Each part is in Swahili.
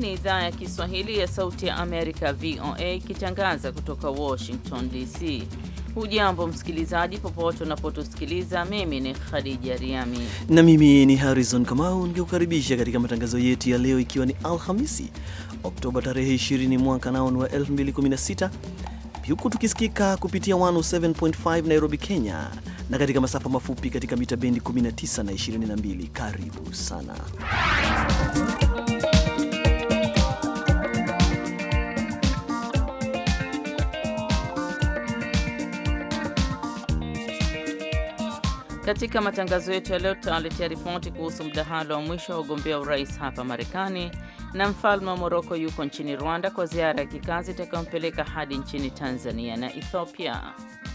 ni idhaa ya Kiswahili ya Sauti ya Amerika, VOA, ikitangaza kutoka Washington DC. Hujambo msikilizaji, popote unapotusikiliza. Mimi ni Khadija Riami na mimi ni Harrison Kamau, nikukaribisha katika matangazo yetu ya leo, ikiwa ni Alhamisi Oktoba tarehe 20 mwaka naon wa 2016 huku tukisikika kupitia 107.5 Nairobi, Kenya, na katika masafa mafupi katika mita bendi 19 na 22. Karibu sana Katika matangazo yetu ya leo tutawaletea ripoti kuhusu mdahalo wa mwisho wa ugombea urais hapa Marekani, na mfalme wa Moroko yuko nchini Rwanda kwa ziara ya kikazi itakayompeleka hadi nchini Tanzania na Ethiopia.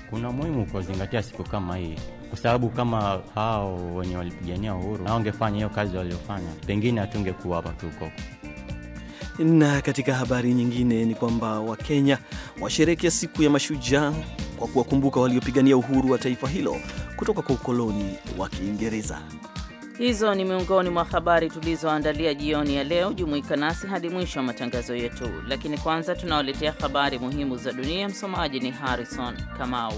Kuna muhimu kuzingatia siku kama hii kwa sababu kama hao wenye walipigania uhuru na wangefanya hiyo kazi waliofanya, pengine hatungekuwa hapa tuko. Na katika habari nyingine ni kwamba Wakenya washerekea siku ya mashujaa kwa kuwakumbuka waliopigania uhuru wa taifa hilo kutoka kwa ukoloni wa Kiingereza. Hizo ni miongoni mwa habari tulizoandalia jioni ya leo. Jumuika nasi hadi mwisho wa matangazo yetu, lakini kwanza tunawaletea habari muhimu za dunia. Msomaji ni Harrison Kamau.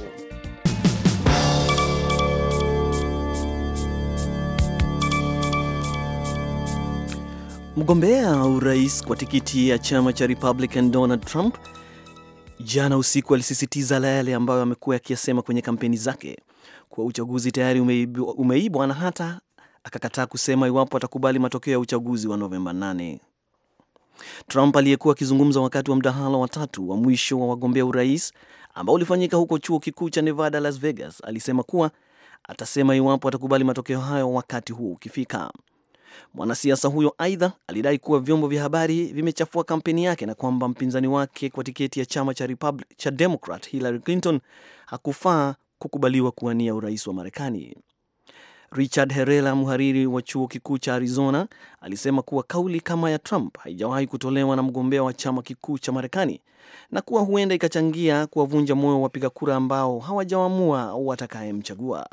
Mgombea urais kwa tikiti ya chama cha Republican Donald Trump jana usiku alisisitiza la yale ambayo amekuwa akiyasema kwenye kampeni zake kuwa uchaguzi tayari umeibwa, umeibwa na hata akakataa kusema iwapo atakubali matokeo ya uchaguzi wa Novemba 8. Trump aliyekuwa akizungumza wakati wa mdahalo wa tatu wa mwisho wa wagombea urais ambao ulifanyika huko chuo kikuu cha Nevada, Las Vegas, alisema kuwa atasema iwapo atakubali matokeo hayo wakati huo ukifika. Mwanasiasa huyo aidha alidai kuwa vyombo vya habari vimechafua kampeni yake na kwamba mpinzani wake kwa tiketi ya chama cha, Republic, cha Democrat Hillary Clinton hakufaa kukubaliwa kuwania urais wa Marekani. Richard Herela, mhariri wa chuo kikuu cha Arizona, alisema kuwa kauli kama ya Trump haijawahi kutolewa na mgombea wa chama kikuu cha Marekani na kuwa huenda ikachangia kuwavunja moyo wapiga kura ambao hawajaamua watakayemchagua.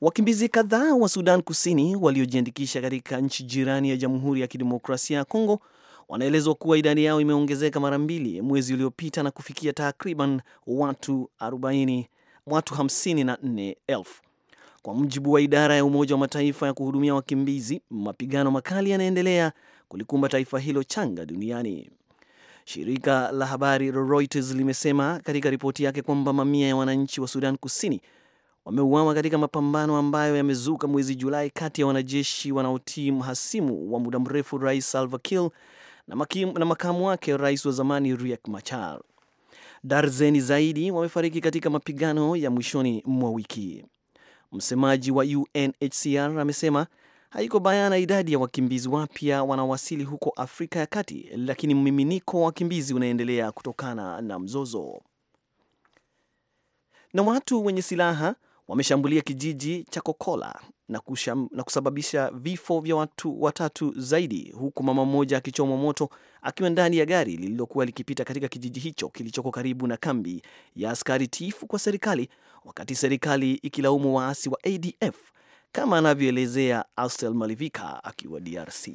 Wakimbizi kadhaa wa Sudan Kusini waliojiandikisha katika nchi jirani ya Jamhuri ya Kidemokrasia ya Kongo wanaelezwa kuwa idadi yao imeongezeka mara mbili mwezi uliopita na kufikia takriban watu 40, watu 54,000 kwa mujibu wa idara ya Umoja wa Mataifa ya kuhudumia wakimbizi. Mapigano makali yanaendelea kulikumba taifa hilo changa duniani. Shirika la habari Reuters limesema katika ripoti yake kwamba mamia ya wananchi wa Sudan Kusini wameuawa katika mapambano ambayo yamezuka mwezi Julai kati ya wanajeshi wanaotii mhasimu wa muda mrefu Rais Salva Kiir na, makim, na makamu wake rais wa zamani Riek Machar. Darzeni zaidi wamefariki katika mapigano ya mwishoni mwa wiki. Msemaji wa UNHCR amesema haiko bayana idadi ya wakimbizi wapya wanaowasili huko Afrika ya Kati, lakini mmiminiko wa wakimbizi unaendelea kutokana na mzozo. Na watu wenye silaha wameshambulia kijiji cha Kokola na, kusham, na kusababisha vifo vya watu watatu zaidi, huku mama mmoja akichomwa moto akiwa ndani ya gari lililokuwa likipita katika kijiji hicho kilichoko karibu na kambi ya askari tiifu kwa serikali, wakati serikali ikilaumu waasi wa ADF kama anavyoelezea Astel Malivika akiwa DRC.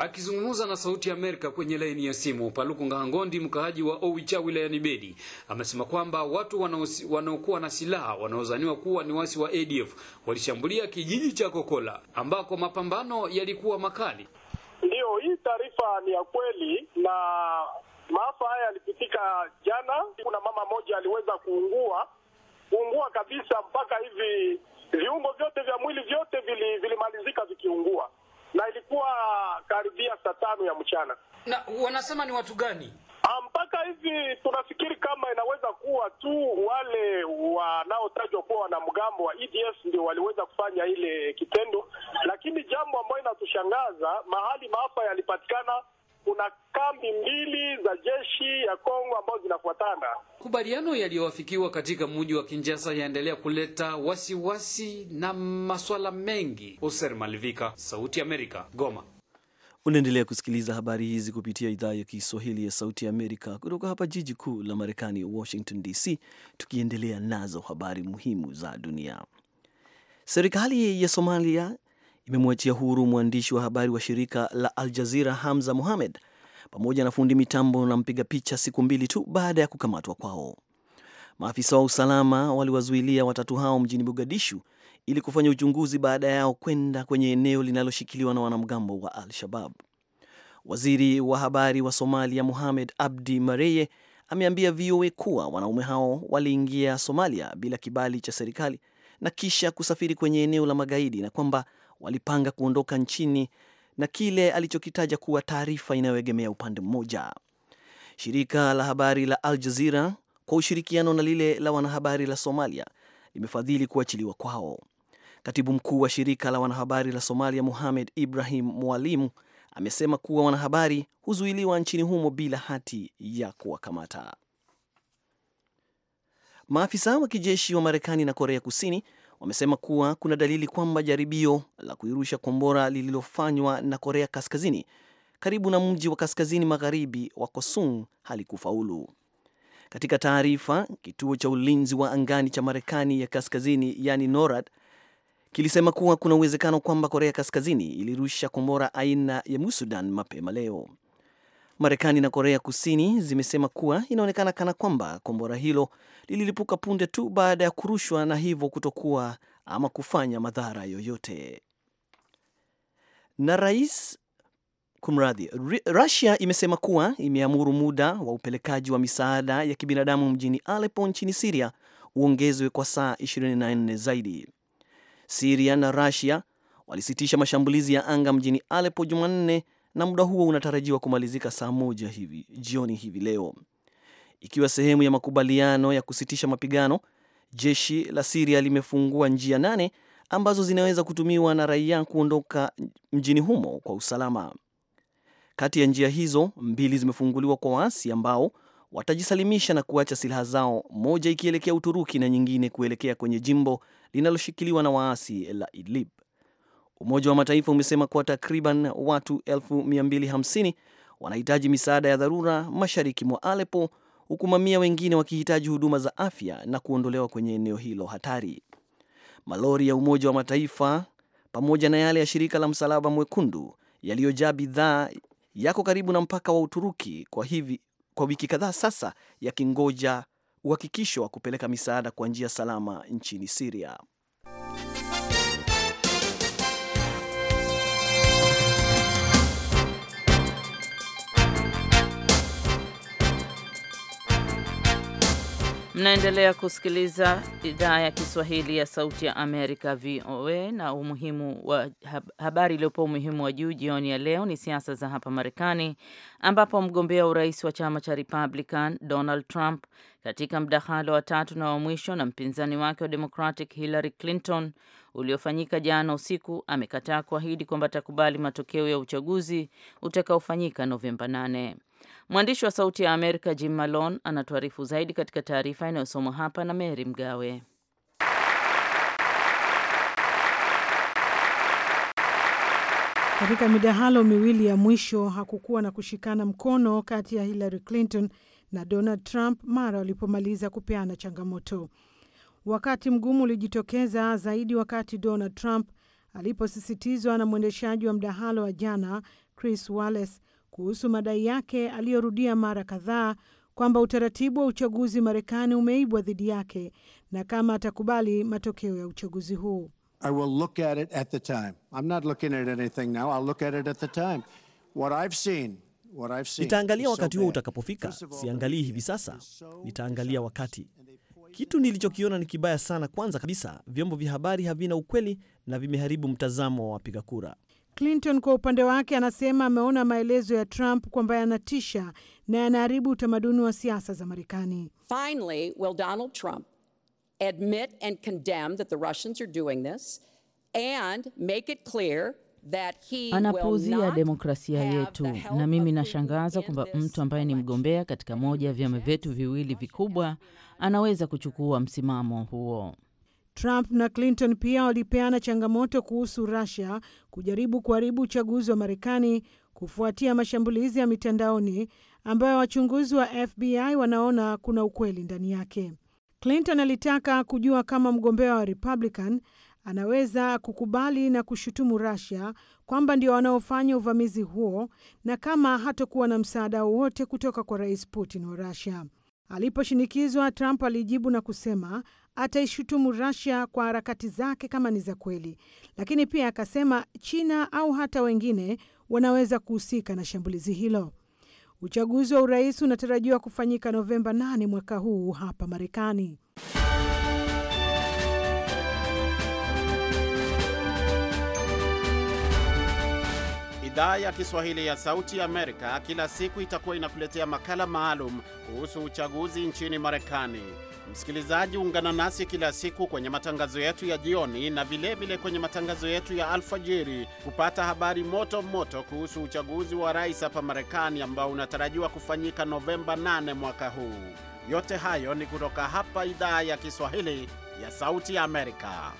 Akizungumza na Sauti ya Amerika kwenye laini ya simu, Paluku Ngahangondi, mkaaji wa Owicha wilayani Bedi, amesema kwamba watu wanaokuwa na silaha wanaozaniwa kuwa ni wasi wa ADF walishambulia kijiji cha Kokola ambako mapambano yalikuwa makali. Ndiyo, hii taarifa ni ya kweli na maafa haya yalipitika jana. Kuna mama moja aliweza kuungua kuungua kabisa, mpaka hivi viungo vyote vya mwili vyote vilimalizika vili vikiungua na ilikuwa karibia saa tano ya mchana. Na wanasema ni watu gani? Ah, mpaka hivi tunafikiri kama inaweza kuwa tu wale wanaotajwa kuwa wanamgambo wa EDF ndio waliweza kufanya ile kitendo, lakini jambo ambayo inatushangaza mahali maafa yalipatikana kuna kambi mbili za jeshi ya Kongo ambazo zinafuatana. Kubaliano yaliyoafikiwa katika mji wa Kinshasa yaendelea kuleta wasiwasi wasi na maswala mengi. Oser Malivika, Sauti Amerika, Goma. Unaendelea kusikiliza habari hizi kupitia idhaa ya Kiswahili ya Sauti ya Amerika kutoka hapa jiji kuu la Marekani, Washington DC, tukiendelea nazo habari muhimu za dunia. Serikali ya Somalia imemwachia huru mwandishi wa habari wa shirika la Al Jazeera Hamza Mohamed pamoja na fundi mitambo na mpiga picha siku mbili tu baada ya kukamatwa kwao. Maafisa wa usalama waliwazuilia watatu hao mjini Mogadishu ili kufanya uchunguzi baada yao kwenda kwenye eneo linaloshikiliwa na wanamgambo wa Al-Shabab. Waziri wa habari wa Somalia Mohamed Abdi Mareye ameambia VOA kuwa wanaume hao waliingia Somalia bila kibali cha serikali na kisha kusafiri kwenye eneo la magaidi na kwamba walipanga kuondoka nchini na kile alichokitaja kuwa taarifa inayoegemea upande mmoja. Shirika la habari la Al Jazeera kwa ushirikiano na lile la wanahabari la Somalia limefadhili kuachiliwa kwao. Katibu mkuu wa shirika la wanahabari la Somalia Muhamed Ibrahim Mwalimu amesema kuwa wanahabari huzuiliwa nchini humo bila hati ya kuwakamata. Maafisa wa kijeshi wa Marekani na Korea Kusini wamesema kuwa kuna dalili kwamba jaribio la kuirusha kombora lililofanywa na Korea Kaskazini karibu na mji wa kaskazini magharibi wa Kosung halikufaulu. Katika taarifa, kituo cha ulinzi wa angani cha Marekani ya Kaskazini, yani NORAD, kilisema kuwa kuna uwezekano kwamba Korea Kaskazini ilirusha kombora aina ya Musudan mapema leo. Marekani na Korea Kusini zimesema kuwa inaonekana kana kwamba kombora hilo lililipuka punde tu baada ya kurushwa na hivyo kutokuwa ama kufanya madhara yoyote. Na rais kumradhi, Russia imesema kuwa imeamuru muda wa upelekaji wa misaada ya kibinadamu mjini Aleppo nchini Syria uongezwe kwa saa 24 zaidi. Syria na Russia walisitisha mashambulizi ya anga mjini Aleppo Jumanne na muda huo unatarajiwa kumalizika saa moja hivi jioni hivi leo, ikiwa sehemu ya makubaliano ya kusitisha mapigano. Jeshi la Siria limefungua njia nane ambazo zinaweza kutumiwa na raia kuondoka mjini humo kwa usalama. Kati ya njia hizo mbili zimefunguliwa kwa waasi ambao watajisalimisha na kuacha silaha zao, moja ikielekea Uturuki na nyingine kuelekea kwenye jimbo linaloshikiliwa na waasi la Idlib. Umoja wa Mataifa umesema kuwa takriban watu 250 wanahitaji misaada ya dharura mashariki mwa Aleppo huku mamia wengine wakihitaji huduma za afya na kuondolewa kwenye eneo hilo hatari. Malori ya Umoja wa Mataifa pamoja na yale ya shirika la Msalaba Mwekundu yaliyojaa bidhaa yako karibu na mpaka wa Uturuki kwa hivi, kwa wiki kadhaa sasa yakingoja uhakikisho wa kupeleka misaada kwa njia salama nchini Siria. Mnaendelea kusikiliza idhaa ya Kiswahili ya Sauti ya Amerika, VOA. Na umuhimu wa habari iliyopewa umuhimu wa juu jioni ya leo ni siasa za hapa Marekani, ambapo mgombea urais wa chama cha Republican Donald Trump katika mdahalo wa tatu na wa mwisho na mpinzani wake wa Democratic Hillary Clinton uliofanyika jana usiku amekataa kuahidi kwamba atakubali matokeo ya uchaguzi utakaofanyika Novemba 8. Mwandishi wa Sauti ya Amerika Jim Malone anatuarifu zaidi katika taarifa inayosomwa hapa na Mary Mgawe. Katika midahalo miwili ya mwisho hakukuwa na kushikana mkono kati ya Hillary Clinton na Donald Trump mara walipomaliza kupeana changamoto. Wakati mgumu ulijitokeza zaidi wakati Donald Trump aliposisitizwa na mwendeshaji wa mdahalo wa jana Chris Wallace kuhusu madai yake aliyorudia mara kadhaa kwamba utaratibu wa uchaguzi Marekani umeibwa dhidi yake na kama atakubali matokeo ya uchaguzi huu. Nitaangalia wakati huo utakapofika. Siangalii hivi sasa, nitaangalia wakati. Kitu nilichokiona ni kibaya sana. Kwanza kabisa, vyombo vya habari havina ukweli na vimeharibu mtazamo wa wapiga kura. Clinton kwa upande wake anasema ameona maelezo ya Trump kwamba yanatisha na yanaharibu utamaduni wa siasa za Marekani. Finally, will Donald Trump admit and condemn that the Russians are doing this and make it clear anapuuzia demokrasia yetu, na mimi nashangaza kwamba mtu ambaye ni mgombea katika moja ya vyama vyetu viwili vikubwa anaweza kuchukua msimamo huo. Trump na Clinton pia walipeana changamoto kuhusu Rusia kujaribu kuharibu uchaguzi wa Marekani kufuatia mashambulizi ya mitandaoni ambayo wachunguzi wa FBI wanaona kuna ukweli ndani yake. Clinton alitaka kujua kama mgombea wa Republican anaweza kukubali na kushutumu rusia kwamba ndio wanaofanya uvamizi huo na kama hatokuwa na msaada wowote kutoka kwa Rais Putin wa rusia Aliposhinikizwa, Trump alijibu na kusema ataishutumu rasia kwa harakati zake kama ni za kweli, lakini pia akasema China au hata wengine wanaweza kuhusika na shambulizi hilo. Uchaguzi wa urais unatarajiwa kufanyika Novemba 8 mwaka huu hapa Marekani. Idhaa ya Kiswahili ya Sauti Amerika kila siku itakuwa inakuletea makala maalum kuhusu uchaguzi nchini Marekani. Msikilizaji, ungana nasi kila siku kwenye matangazo yetu ya jioni na vilevile vile kwenye matangazo yetu ya alfajiri kupata habari moto moto kuhusu uchaguzi wa rais hapa Marekani ambao unatarajiwa kufanyika Novemba 8 mwaka huu. Yote hayo ni kutoka hapa Idhaa ya Kiswahili ya Sauti Amerika.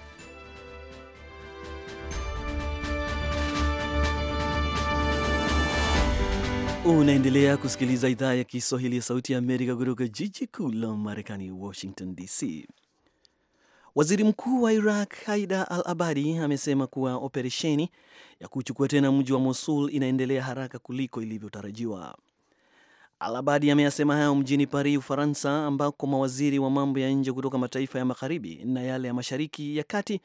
Unaendelea kusikiliza idhaa ya Kiswahili ya Sauti ya Amerika kutoka jiji kuu la Marekani, Washington DC. Waziri Mkuu wa Iraq Haida Al Abadi amesema kuwa operesheni ya kuchukua tena mji wa Mosul inaendelea haraka kuliko ilivyotarajiwa. Al Abadi ameyasema hayo mjini Paris, Ufaransa, ambako mawaziri wa mambo ya nje kutoka mataifa ya magharibi na yale ya mashariki ya kati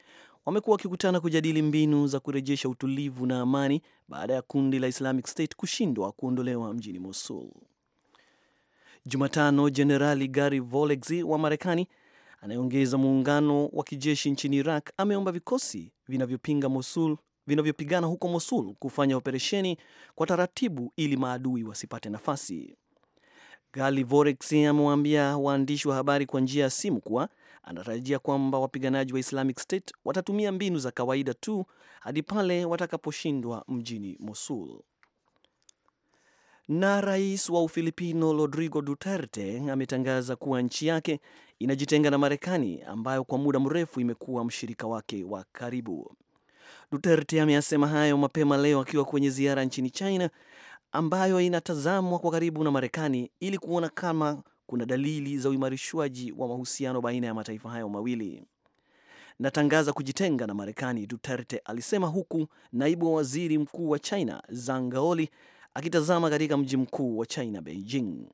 wamekuwa wakikutana kujadili mbinu za kurejesha utulivu na amani baada ya kundi la Islamic State kushindwa kuondolewa mjini Mosul. Jumatano, Jenerali Gary Volesky wa Marekani anayeongeza muungano wa kijeshi nchini Iraq ameomba vikosi vinavyopinga Mosul vinavyopigana huko Mosul kufanya operesheni kwa taratibu ili maadui wasipate nafasi. Gali Vorex amewaambia waandishi wa habari kwa njia ya simu kuwa anatarajia kwamba wapiganaji wa Islamic State watatumia mbinu za kawaida tu hadi pale watakaposhindwa mjini Mosul. Na rais wa Ufilipino Rodrigo Duterte ametangaza kuwa nchi yake inajitenga na Marekani ambayo kwa muda mrefu imekuwa mshirika wake wa karibu. Duterte ameyasema hayo mapema leo akiwa kwenye ziara nchini China ambayo inatazamwa kwa karibu na Marekani ili kuona kama kuna dalili za uimarishwaji wa mahusiano baina ya mataifa hayo mawili. Natangaza kujitenga na Marekani, Duterte alisema, huku naibu wa waziri mkuu wa China Zhang Gaoli akitazama katika mji mkuu wa China, Beijing.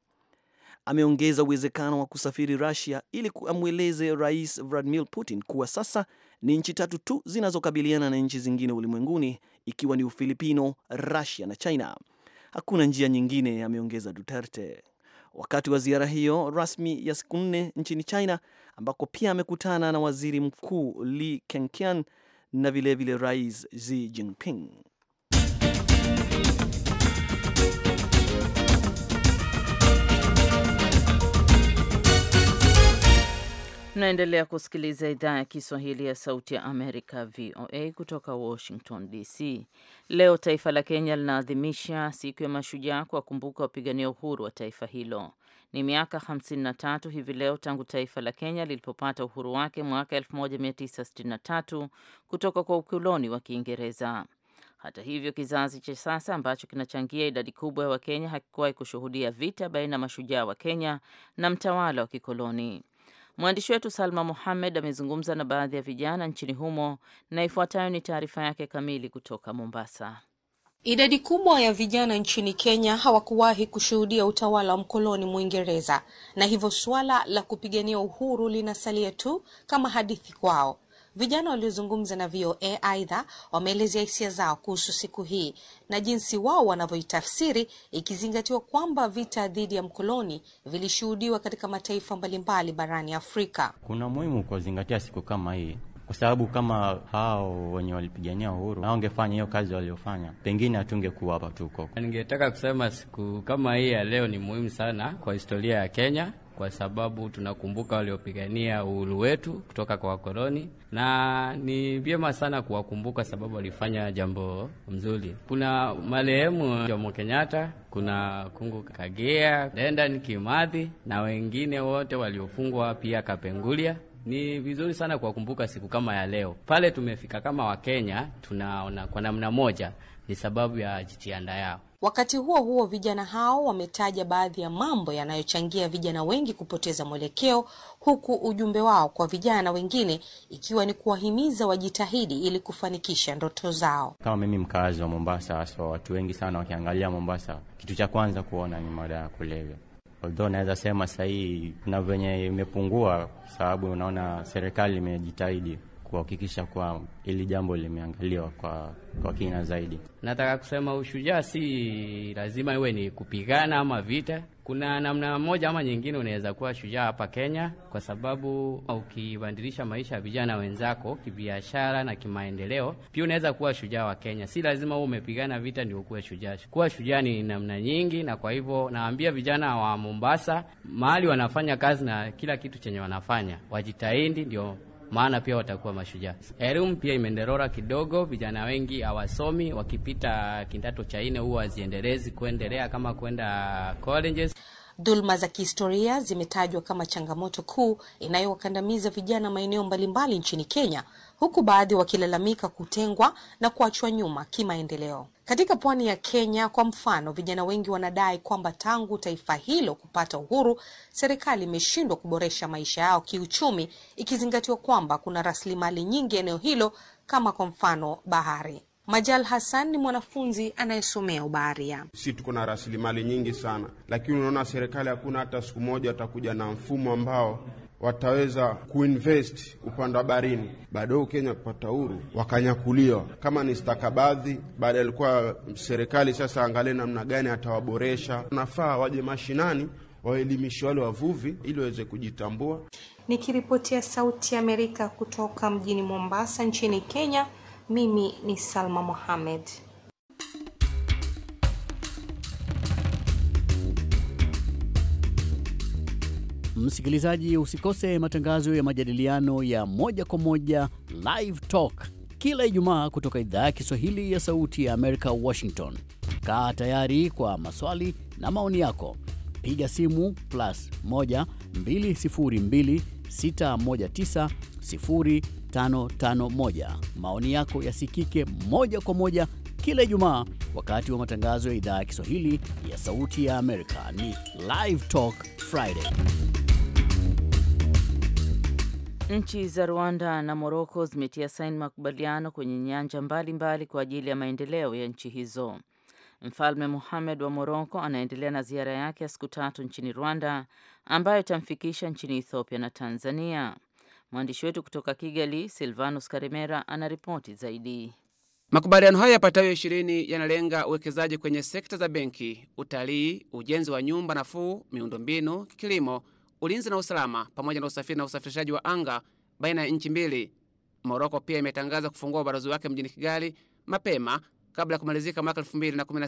Ameongeza uwezekano wa kusafiri Rusia ili amweleze Rais Vladimir Putin kuwa sasa ni nchi tatu tu zinazokabiliana na nchi zingine ulimwenguni, ikiwa ni Ufilipino, Rusia na China. Hakuna njia nyingine, ameongeza Duterte wakati wa ziara hiyo rasmi ya siku nne nchini China, ambako pia amekutana na waziri mkuu Li kenkian na vilevile Rais Xi Jinping. Mnaendelea kusikiliza idhaa ya Kiswahili ya Sauti ya Amerika, VOA, kutoka Washington DC. Leo taifa la Kenya linaadhimisha siku ya Mashujaa, kuwakumbuka wapigania uhuru wa taifa hilo. Ni miaka 53 hivi leo tangu taifa la Kenya lilipopata uhuru wake mwaka 1963 kutoka kwa ukoloni wa Kiingereza. Hata hivyo kizazi cha sasa ambacho kinachangia idadi kubwa ya Wakenya hakikuwahi kushuhudia vita baina ya mashujaa wa Kenya na mtawala wa kikoloni. Mwandishi wetu Salma muhamed amezungumza na baadhi ya vijana nchini humo na ifuatayo ni taarifa yake kamili kutoka Mombasa. Idadi kubwa ya vijana nchini Kenya hawakuwahi kushuhudia utawala wa mkoloni Mwingereza, na hivyo suala la kupigania uhuru linasalia tu kama hadithi kwao. Vijana waliozungumza na VOA aidha wameelezea hisia zao kuhusu siku hii na jinsi wao wanavyoitafsiri, ikizingatiwa kwamba vita dhidi ya mkoloni vilishuhudiwa katika mataifa mbalimbali barani Afrika. Kuna muhimu kuzingatia siku kama hii kwa sababu kama hao wenye walipigania uhuru hawangefanya hiyo kazi waliofanya, pengine hatungekuwa hapa tuko. Ningetaka kusema siku kama hii ya leo ni muhimu sana kwa historia ya Kenya kwa sababu tunakumbuka waliopigania uhuru wetu kutoka kwa wakoloni, na ni vyema sana kuwakumbuka sababu walifanya jambo mzuri. Kuna marehemu Jomo Kenyatta, kuna Kungu Kagea, Dedan Kimathi na wengine wote waliofungwa, pia Kapenguria. Ni vizuri sana kuwakumbuka siku kama ya leo. Pale tumefika kama Wakenya, tunaona kwa namna moja ni sababu ya jitihada yao. Wakati huo huo, vijana hao wametaja baadhi ya mambo yanayochangia vijana wengi kupoteza mwelekeo, huku ujumbe wao kwa vijana wengine ikiwa ni kuwahimiza wajitahidi ili kufanikisha ndoto zao. Kama mimi mkaazi wa Mombasa, so watu wengi sana wakiangalia Mombasa, kitu cha kwanza kuona ni mada ya kulevya although naweza sema sahii kuna venye imepungua, kwa sababu unaona serikali imejitahidi kuhakikisha kwa hili jambo limeangaliwa kwa, kwa kina zaidi. Nataka kusema ushujaa si lazima iwe ni kupigana ama vita. Kuna namna moja ama nyingine unaweza kuwa shujaa hapa Kenya, kwa sababu ukibadilisha maisha ya vijana wenzako kibiashara na kimaendeleo, pia unaweza kuwa shujaa wa Kenya. Si lazima uwe umepigana vita ndio ukuwe shujaa. Kuwa shujaa ni namna nyingi, na kwa hivyo naambia vijana wa Mombasa mahali wanafanya kazi na kila kitu chenye wanafanya wajitahidi ndio maana pia watakuwa mashujaa. Elimu pia imenderora kidogo, vijana wengi hawasomi, wakipita kidato cha nne huwa haziendelezi kuendelea kama kwenda colleges. Dhuluma za kihistoria zimetajwa kama changamoto kuu inayowakandamiza vijana maeneo mbalimbali nchini Kenya, huku baadhi wakilalamika kutengwa na kuachwa nyuma kimaendeleo. Katika pwani ya Kenya kwa mfano, vijana wengi wanadai kwamba tangu taifa hilo kupata uhuru, serikali imeshindwa kuboresha maisha yao kiuchumi, ikizingatiwa kwamba kuna rasilimali nyingi eneo hilo, kama kwa mfano bahari. Majal Hassan ni mwanafunzi anayesomea ubaharia. Si tuko na rasilimali nyingi sana, lakini unaona serikali hakuna hata siku moja watakuja na mfumo ambao wataweza kuinvest upande wa barini, baadaye Ukenya kupata uru wakanyakuliwa kama ni stakabadhi. Baada alikuwa serikali sasa angalie namna gani atawaboresha. Nafaa waje mashinani waelimishi wale wavuvi ili waweze kujitambua. Nikiripotia Sauti ya Amerika kutoka mjini Mombasa nchini Kenya. Mimi ni Salma Mohamed. Msikilizaji, usikose matangazo ya majadiliano ya moja kwa moja Live Talk kila Ijumaa kutoka idhaa ya Kiswahili ya Sauti ya Amerika, Washington. Kaa tayari kwa maswali na maoni yako, piga simu plus 1 202 619 551. Maoni yako yasikike moja kwa moja kila Ijumaa wakati wa matangazo ya idhaa ya Kiswahili ya Sauti ya Amerika. Ni Live Talk Friday. Nchi za Rwanda na Moroko zimetia saini makubaliano kwenye nyanja mbalimbali mbali kwa ajili ya maendeleo ya nchi hizo. Mfalme Mohamed wa Moroko anaendelea na ziara yake ya siku tatu nchini Rwanda ambayo itamfikisha nchini Ethiopia na Tanzania. Mwandishi wetu kutoka Kigali, Silvanus Karemera, anaripoti zaidi. Makubaliano hayo yapatayo ishirini yanalenga uwekezaji kwenye sekta za benki, utalii, ujenzi wa nyumba nafuu, miundombinu, kilimo, ulinzi na usalama, pamoja na usafiri na usafirishaji wa anga baina ya nchi mbili. Moroko pia imetangaza kufungua ubalozi wake mjini Kigali mapema kabla ya kumalizika mwaka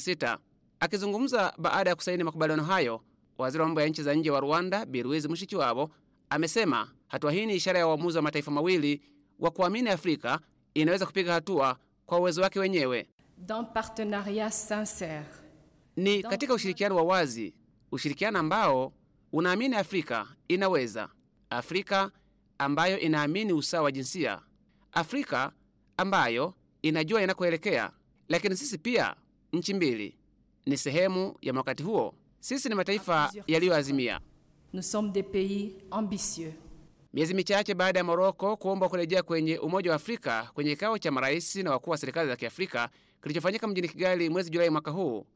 sita. Akizungumza baada ya kusaini makubaliano hayo, waziri wa mambo ya nchi za nje wa Rwanda Biruizi Mushikiwabo Amesema hatua hii ni ishara ya uamuzi wa mataifa mawili wa kuamini Afrika inaweza kupiga hatua kwa uwezo wake wenyewe. ni katika ushirikiano wa wazi, ushirikiano ambao unaamini Afrika inaweza, Afrika ambayo inaamini usawa wa jinsia, Afrika ambayo inajua inakoelekea. Lakini sisi pia nchi mbili ni sehemu ya wakati huo. Sisi ni mataifa yaliyoazimia nous sommes des pays ambitieux. Miezi michache baada ya Moroko kuomba kurejea kwenye Umoja wa Afrika kwenye kikao cha marais na wakuu wa serikali za Kiafrika kilichofanyika mjini Kigali mwezi Julai mwaka huu,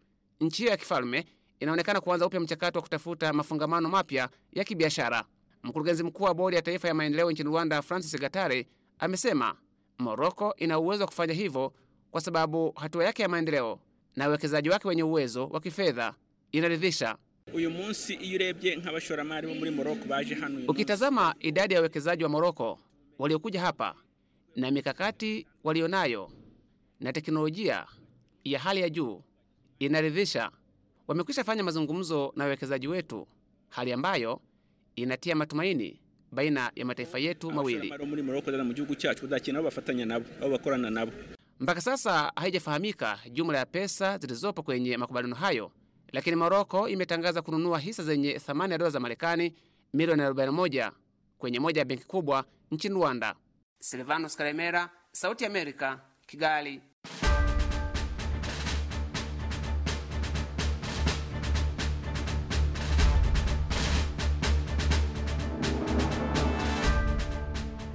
nchi hiyo ya kifalme inaonekana kuanza upya mchakato wa kutafuta mafungamano mapya ya kibiashara. Mkurugenzi mkuu wa Bodi ya Taifa ya Maendeleo nchini Rwanda, Francis Gatare, amesema Moroko ina uwezo wa kufanya hivyo kwa sababu hatua yake ya maendeleo na uwekezaji wake wenye uwezo wa kifedha inaridhisha uyu munsi iyo urebye nk'abashoramari bo muri Morocco baje hano ukitazama idadi ya wawekezaji wa Morocco waliokuja hapa na mikakati walionayo na teknolojia ya hali ya juu inaridhisha. Wamekwisha fanya mazungumzo na wawekezaji wetu, hali ambayo inatia matumaini baina ya mataifa yetu mawili. Mpaka sasa haijafahamika jumla ya pesa zilizopo kwenye makubaliano hayo lakini Moroko imetangaza kununua hisa zenye thamani ya dola za Marekani milioni 41 kwenye moja ya benki kubwa nchini Rwanda. Silvanos Karemera, Sauti ya Amerika, Kigali.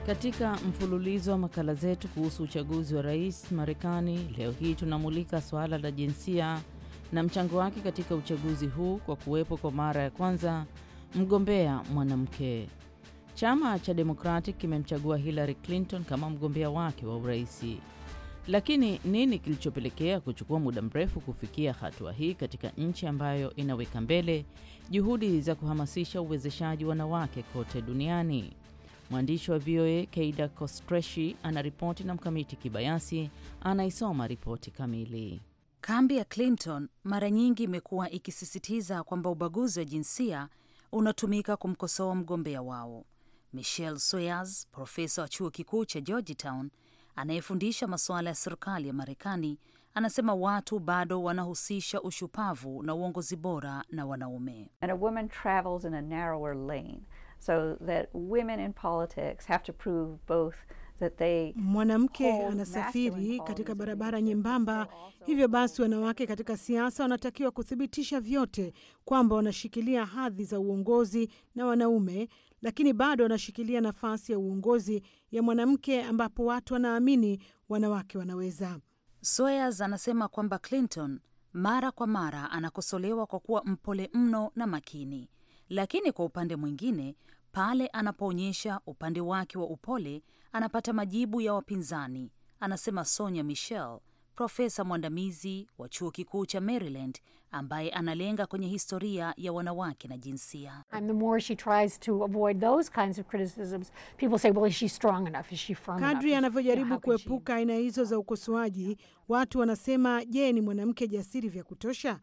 Katika mfululizo wa makala zetu kuhusu uchaguzi wa rais Marekani, leo hii tunamulika suala la jinsia na mchango wake katika uchaguzi huu kwa kuwepo kwa mara ya kwanza mgombea mwanamke. Chama cha Democratic kimemchagua Hillary Clinton kama mgombea wake wa uraisi. Lakini nini kilichopelekea kuchukua muda mrefu kufikia hatua hii katika nchi ambayo inaweka mbele juhudi za kuhamasisha uwezeshaji wanawake kote duniani? Mwandishi wa VOA Keida Kostreshi anaripoti na Mkamiti Kibayasi anaisoma ripoti kamili. Kambi ya Clinton mara nyingi imekuwa ikisisitiza kwamba ubaguzi wa jinsia unatumika kumkosoa mgombea wao. Michelle Swers, profesa wa chuo kikuu cha Georgetown anayefundisha masuala ya serikali ya Marekani, anasema watu bado wanahusisha ushupavu na uongozi bora na wanaume. And a woman travels in a narrower lane so that women in politics have to prove both Mwanamke anasafiri katika barabara nyembamba, hivyo basi wanawake katika siasa wanatakiwa kuthibitisha vyote kwamba wanashikilia hadhi za uongozi na wanaume, lakini bado wanashikilia nafasi ya uongozi ya mwanamke, ambapo watu wanaamini wanawake wanaweza. Sweyers anasema kwamba Clinton mara kwa mara anakosolewa kwa kuwa mpole mno na makini, lakini kwa upande mwingine, pale anapoonyesha upande wake wa upole, anapata majibu ya wapinzani, anasema Sonya michel profesa mwandamizi wa chuo kikuu cha Maryland ambaye analenga kwenye historia ya wanawake na jinsia. Kadri anavyojaribu kuepuka aina hizo za ukosoaji, watu wanasema, je, ni mwanamke jasiri vya kutosha?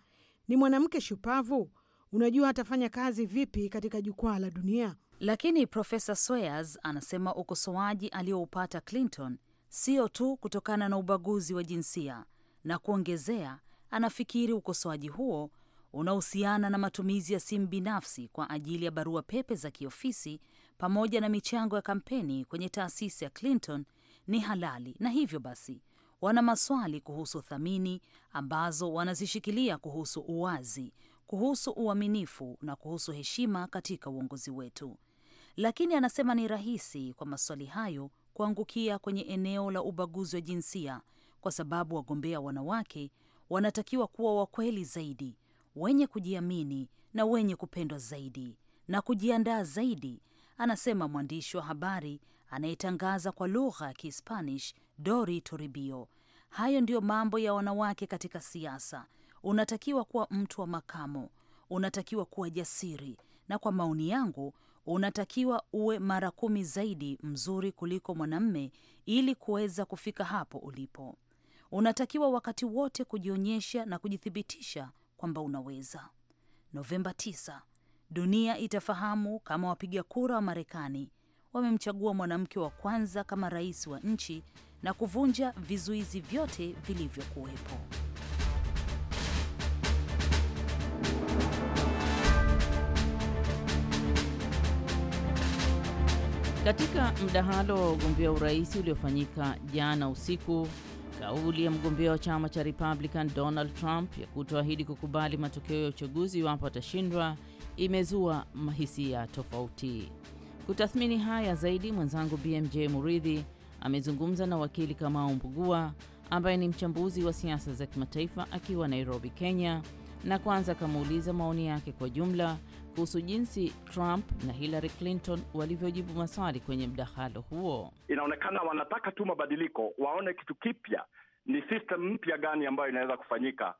Ni mwanamke shupavu? unajua atafanya kazi vipi katika jukwaa la dunia. Lakini Profesa Sweyers anasema ukosoaji aliyoupata Clinton sio tu kutokana na ubaguzi wa jinsia, na kuongezea, anafikiri ukosoaji huo unahusiana na matumizi ya simu binafsi kwa ajili ya barua pepe za kiofisi pamoja na michango ya kampeni kwenye taasisi ya Clinton ni halali, na hivyo basi wana maswali kuhusu thamini ambazo wanazishikilia kuhusu uwazi, kuhusu uaminifu na kuhusu heshima katika uongozi wetu, lakini anasema ni rahisi kwa maswali hayo kuangukia kwenye eneo la ubaguzi wa jinsia kwa sababu wagombea wanawake wanatakiwa kuwa wakweli zaidi, wenye kujiamini na wenye kupendwa zaidi na kujiandaa zaidi, anasema mwandishi wa habari anayetangaza kwa lugha ya Kispanish Dori Toribio. Hayo ndiyo mambo ya wanawake katika siasa unatakiwa kuwa mtu wa makamo, unatakiwa kuwa jasiri, na kwa maoni yangu unatakiwa uwe mara kumi zaidi mzuri kuliko mwanamme ili kuweza kufika hapo ulipo. Unatakiwa wakati wote kujionyesha na kujithibitisha kwamba unaweza. Novemba 9, dunia itafahamu kama wapiga kura wa Marekani wamemchagua mwanamke wa kwanza kama rais wa nchi na kuvunja vizuizi vyote vilivyokuwepo. Katika mdahalo wa ugombea urais uliofanyika jana usiku, kauli ya mgombea wa chama cha Republican Donald Trump ya kutoahidi kukubali matokeo ya uchaguzi iwapo atashindwa imezua hisia tofauti. Kutathmini haya zaidi, mwenzangu BMJ Muridhi amezungumza na wakili Kamau Mbugua ambaye ni mchambuzi wa siasa za kimataifa akiwa Nairobi, Kenya, na kwanza akamuuliza maoni yake kwa jumla kuhusu jinsi Trump na Hillary Clinton walivyojibu maswali kwenye mdahalo huo. Inaonekana wanataka tu mabadiliko, waone kitu kipya, ni system mpya gani ambayo inaweza kufanyika,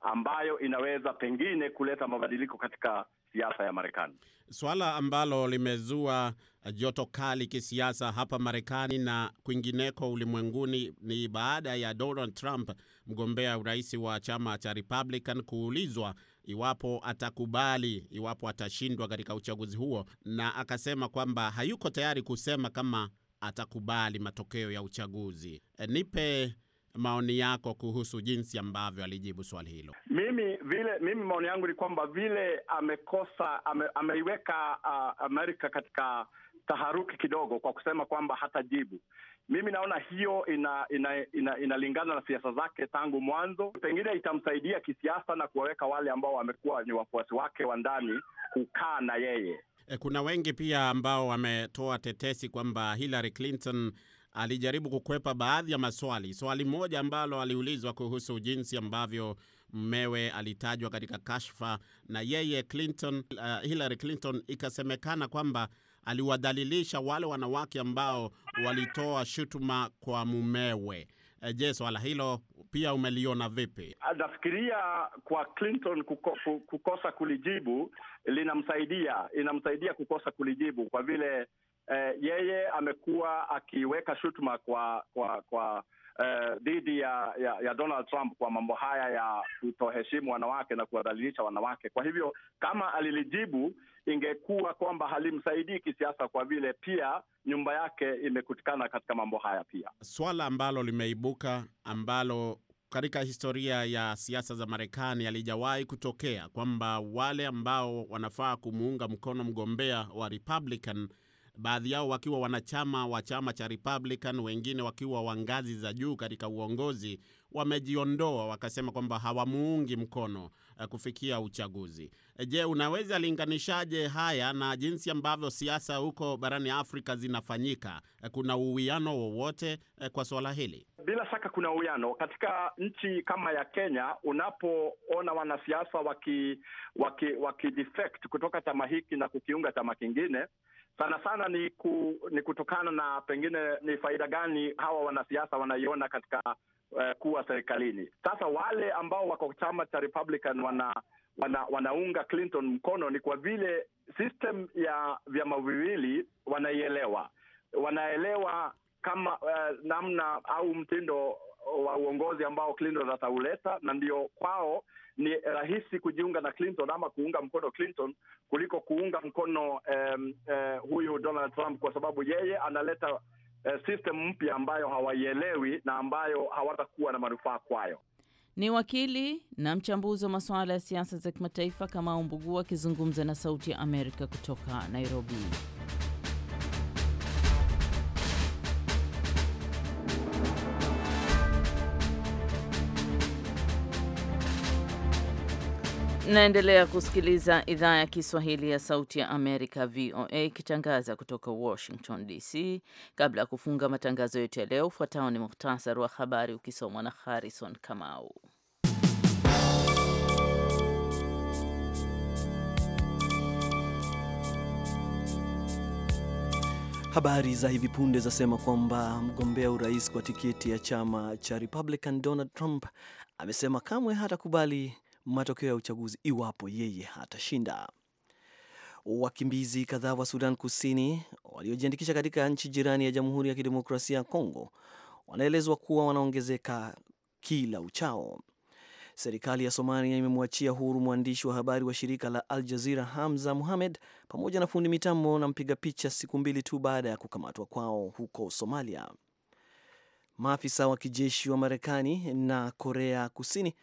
ambayo inaweza pengine kuleta mabadiliko katika siasa ya Marekani, swala ambalo limezua joto kali kisiasa hapa Marekani na kwingineko ulimwenguni ni baada ya Donald Trump, mgombea urais wa chama cha Republican, kuulizwa iwapo atakubali iwapo atashindwa katika uchaguzi huo, na akasema kwamba hayuko tayari kusema kama atakubali matokeo ya uchaguzi. E, nipe maoni yako kuhusu jinsi ambavyo alijibu swali hilo. Mimi vile mimi maoni yangu ni kwamba vile amekosa ame, ameiweka uh, Amerika katika taharuki kidogo kwa kusema kwamba hatajibu. Mimi naona hiyo inalingana ina, ina na siasa zake tangu mwanzo. Pengine itamsaidia kisiasa na kuwaweka wale ambao wamekuwa ni wafuasi wake wa ndani kukaa na yeye. Eh, kuna wengi pia ambao wametoa tetesi kwamba Hillary Clinton alijaribu kukwepa baadhi ya maswali. Swali moja ambalo aliulizwa kuhusu jinsi ambavyo mmewe alitajwa katika kashfa na yeye Clinton, uh, Hillary Clinton, ikasemekana kwamba aliwadhalilisha wale wanawake ambao walitoa shutuma kwa mumewe. Eh, je, swala hilo pia umeliona vipi? Ah, nafikiria kwa Clinton kuko, kukosa kulijibu linamsaidia inamsaidia kukosa kulijibu kwa vile eh, yeye amekuwa akiweka shutuma kwa kwa kwa eh, dhidi ya, ya ya Donald Trump kwa mambo haya ya kutoheshimu wanawake na kuwadhalilisha wanawake. Kwa hivyo kama alilijibu, ingekuwa kwamba halimsaidii kisiasa, kwa vile pia nyumba yake imekutikana katika mambo haya. Pia swala ambalo limeibuka ambalo katika historia ya siasa za Marekani alijawahi kutokea kwamba wale ambao wanafaa kumuunga mkono mgombea wa Republican baadhi yao wakiwa wanachama wa chama cha Republican, wengine wakiwa wa ngazi za juu katika uongozi, wamejiondoa wakasema kwamba hawamuungi mkono eh, kufikia uchaguzi. Eh, je, unaweza linganishaje haya na jinsi ambavyo siasa huko barani Afrika zinafanyika? Eh, kuna uwiano wowote kwa suala hili? Bila shaka kuna uwiano katika nchi kama ya Kenya. Unapoona wanasiasa waki, waki, waki defect kutoka chama hiki na kukiunga chama kingine sana sana ni, ku, ni kutokana na pengine ni faida gani hawa wanasiasa wanaiona katika uh, kuwa serikalini. Sasa wale ambao wako chama cha Republican wana, wana, wanaunga Clinton mkono ni kwa vile system ya vyama viwili wanaielewa, wanaelewa kama uh, namna au mtindo wa uongozi ambao Clinton atauleta, na ndio kwao ni rahisi kujiunga na Clinton ama kuunga mkono Clinton kuliko kuunga mkono um, uh, huyu Donald Trump kwa sababu yeye analeta uh, system mpya ambayo hawaielewi na ambayo hawatakuwa na manufaa kwayo. Ni wakili na mchambuzi wa masuala ya siasa za kimataifa Kamau Mbugua akizungumza na Sauti ya Amerika kutoka Nairobi. Naendelea kusikiliza idhaa ya Kiswahili ya Sauti ya Amerika, VOA, ikitangaza kutoka Washington DC. Kabla ya kufunga matangazo yote ya leo, ufuatao ni muhtasari wa habari ukisomwa na Harrison Kamau. Habari za hivi punde zasema kwamba mgombea urais kwa tiketi ya chama cha Republican Donald Trump amesema kamwe hatakubali matokeo ya uchaguzi iwapo yeye hatashinda. Wakimbizi kadhaa wa Sudan Kusini waliojiandikisha katika nchi jirani ya Jamhuri ya Kidemokrasia ya Kongo wanaelezwa kuwa wanaongezeka kila uchao. Serikali ya Somalia imemwachia huru mwandishi wa habari wa shirika la Al Jazeera Hamza muhamed pamoja na fundi mitambo na mpiga picha siku mbili tu baada ya kukamatwa kwao huko Somalia. Maafisa wa kijeshi wa Marekani na Korea Kusini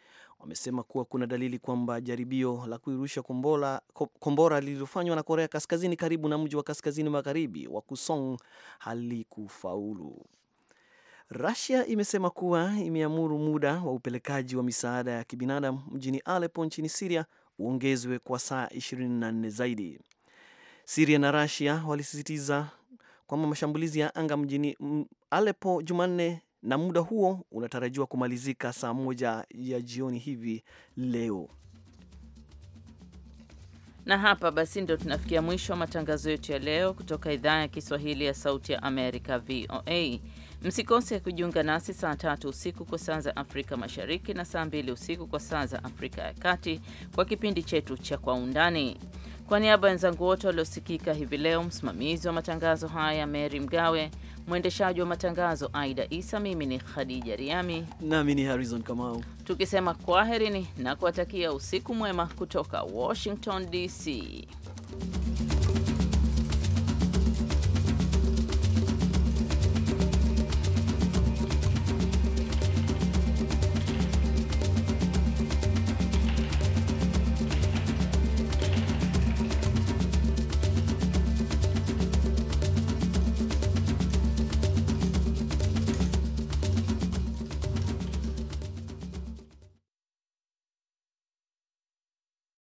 wamesema kuwa kuna dalili kwamba jaribio la kuirusha kombora, kombora lililofanywa na Korea Kaskazini karibu na mji wa kaskazini magharibi wa Kusong halikufaulu. rasia imesema kuwa imeamuru muda wa upelekaji wa misaada ya kibinadamu mjini alepo nchini siria uongezwe kwa saa 24 zaidi. siria na rasia walisisitiza kwamba mashambulizi ya anga mjini alepo Jumanne na muda huo unatarajiwa kumalizika saa moja ya jioni hivi leo. Na hapa basi ndo tunafikia mwisho wa matangazo yetu ya leo kutoka idhaa ya Kiswahili ya Sauti ya Amerika, VOA. Msikose kujiunga nasi saa tatu usiku kwa saa za Afrika Mashariki na saa mbili usiku kwa saa za Afrika ya Kati kwa kipindi chetu cha Kwa Undani. Kwa niaba ya wenzangu wote waliosikika hivi leo, msimamizi wa matangazo haya Mary Mgawe, mwendeshaji wa matangazo Aida Isa, mimi ni Khadija Riami nami ni Harrison Kamau, tukisema kwaherini na kuwatakia usiku mwema kutoka Washington DC.